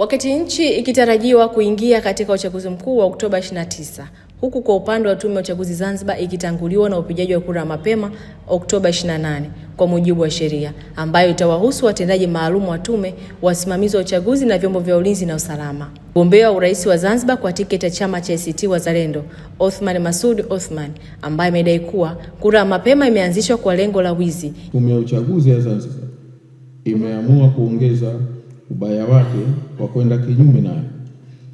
Wakati nchi ikitarajiwa kuingia katika uchaguzi mkuu wa Oktoba 29 huku kwa upande wa Tume ya Uchaguzi Zanzibar ikitanguliwa na upigaji wa kura mapema Oktoba 28 kwa mujibu wa sheria ambayo itawahusu watendaji maalum wa tume, wasimamizi wa uchaguzi na vyombo vya ulinzi na usalama. Mgombea wa urais wa Zanzibar kwa tiketi ya chama cha ACT Wazalendo, Othman Masoud Othman, ambaye amedai kuwa kura mapema imeanzishwa kwa lengo la wizi. Tume ya Uchaguzi ya Zanzibar imeamua kuongeza ubaya wake wa kwenda kinyume nayo.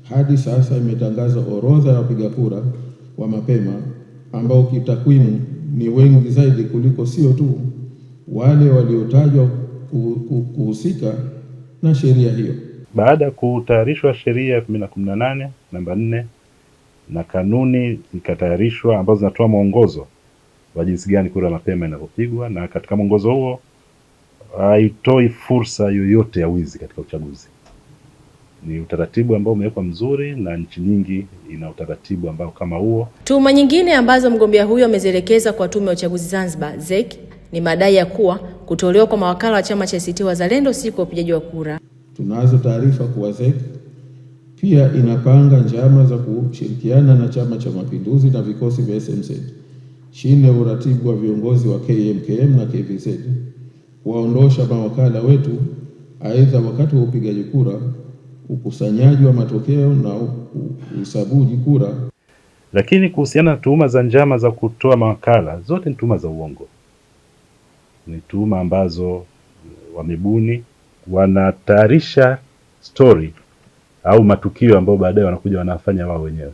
Hadi sasa imetangaza orodha ya wapiga kura wa mapema ambao kitakwimu ni wengi zaidi kuliko sio tu wale waliotajwa kuhusika na sheria hiyo. Baada ya kutayarishwa sheria ya elfu na kumi na nane namba nne na kanuni zikatayarishwa ambazo zinatoa mwongozo wa jinsi gani kura mapema inavyopigwa, na katika mwongozo huo haitoi fursa yoyote ya wizi katika uchaguzi. Ni utaratibu ambao umewekwa mzuri na nchi nyingi ina utaratibu ambao kama huo. Tuhuma nyingine ambazo mgombea huyo amezielekeza kwa Tume ya Uchaguzi Zanzibar ZEC ni madai ya kuwa kutolewa kwa mawakala wa chama cha ACT Wazalendo siku ya upigaji wa kura. Tunazo taarifa kuwa ZEC pia inapanga njama za kushirikiana na Chama cha Mapinduzi na vikosi vya SMZ chini ya uratibu wa viongozi wa KMKM na KVZ kuwaondosha mawakala wetu, aidha wakati wa upigaji kura, ukusanyaji wa matokeo na usabuji kura. Lakini kuhusiana na tuhuma za njama za kutoa mawakala, zote ni tuhuma za uongo, ni tuhuma ambazo wamebuni, wanatayarisha stori au matukio ambayo baadaye wanakuja wanafanya wao wenyewe.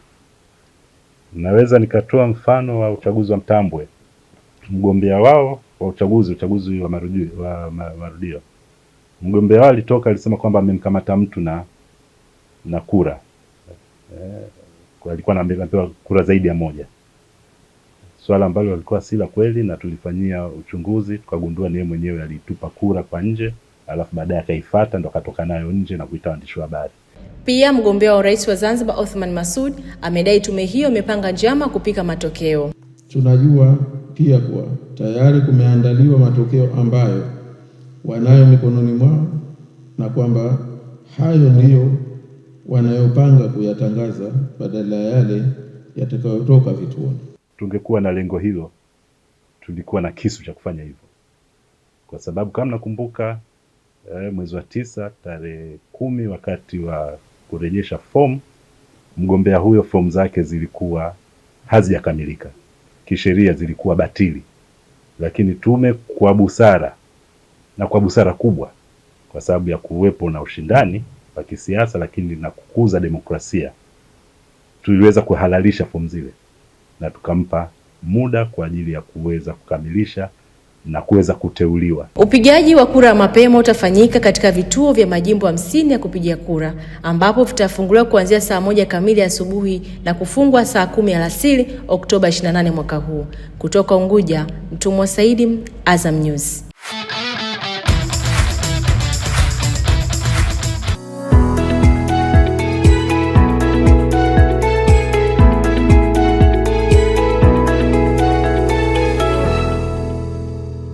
Naweza nikatoa mfano wa uchaguzi wa Mtambwe, mgombea wao wa uchaguzi, uchaguzi wa marudio, wa marudio, mgombea wao alitoka alisema kwamba amemkamata mtu na na kura eh, alikuwa kura zaidi ya moja, swala ambalo alikuwa si la kweli, na tulifanyia uchunguzi tukagundua ni yeye mwenyewe alitupa kura kwa nje, alafu baadaye akaifuata ndo akatoka nayo nje na kuita waandishi wa habari. Pia mgombea wa urais wa Zanzibar Othman Masud amedai tume hiyo imepanga njama kupika matokeo. Tunajua pia kuwa tayari kumeandaliwa matokeo ambayo wanayo mikononi mwao na kwamba hayo ndiyo wanayopanga kuyatangaza badala ya yale yatakayotoka vituoni. Tungekuwa na lengo hilo, tulikuwa na kisu cha kufanya hivyo, kwa sababu kama nakumbuka eh, mwezi wa tisa tarehe kumi wakati wa kurejesha fomu, mgombea huyo fomu zake zilikuwa hazijakamilika kisheria, zilikuwa batili lakini tume kwa busara na kwa busara kubwa, kwa sababu ya kuwepo na ushindani wa kisiasa, lakini na kukuza demokrasia, tuliweza kuhalalisha fomu zile na tukampa muda kwa ajili ya kuweza kukamilisha na kuweza kuteuliwa. Upigaji wa kura mapema utafanyika katika vituo vya majimbo hamsini ya kupiga kura ambapo vitafunguliwa kuanzia saa moja kamili asubuhi na kufungwa saa kumi alasiri Oktoba 28 mwaka huu. Kutoka Unguja, Mtumwa Saidi, Azam News.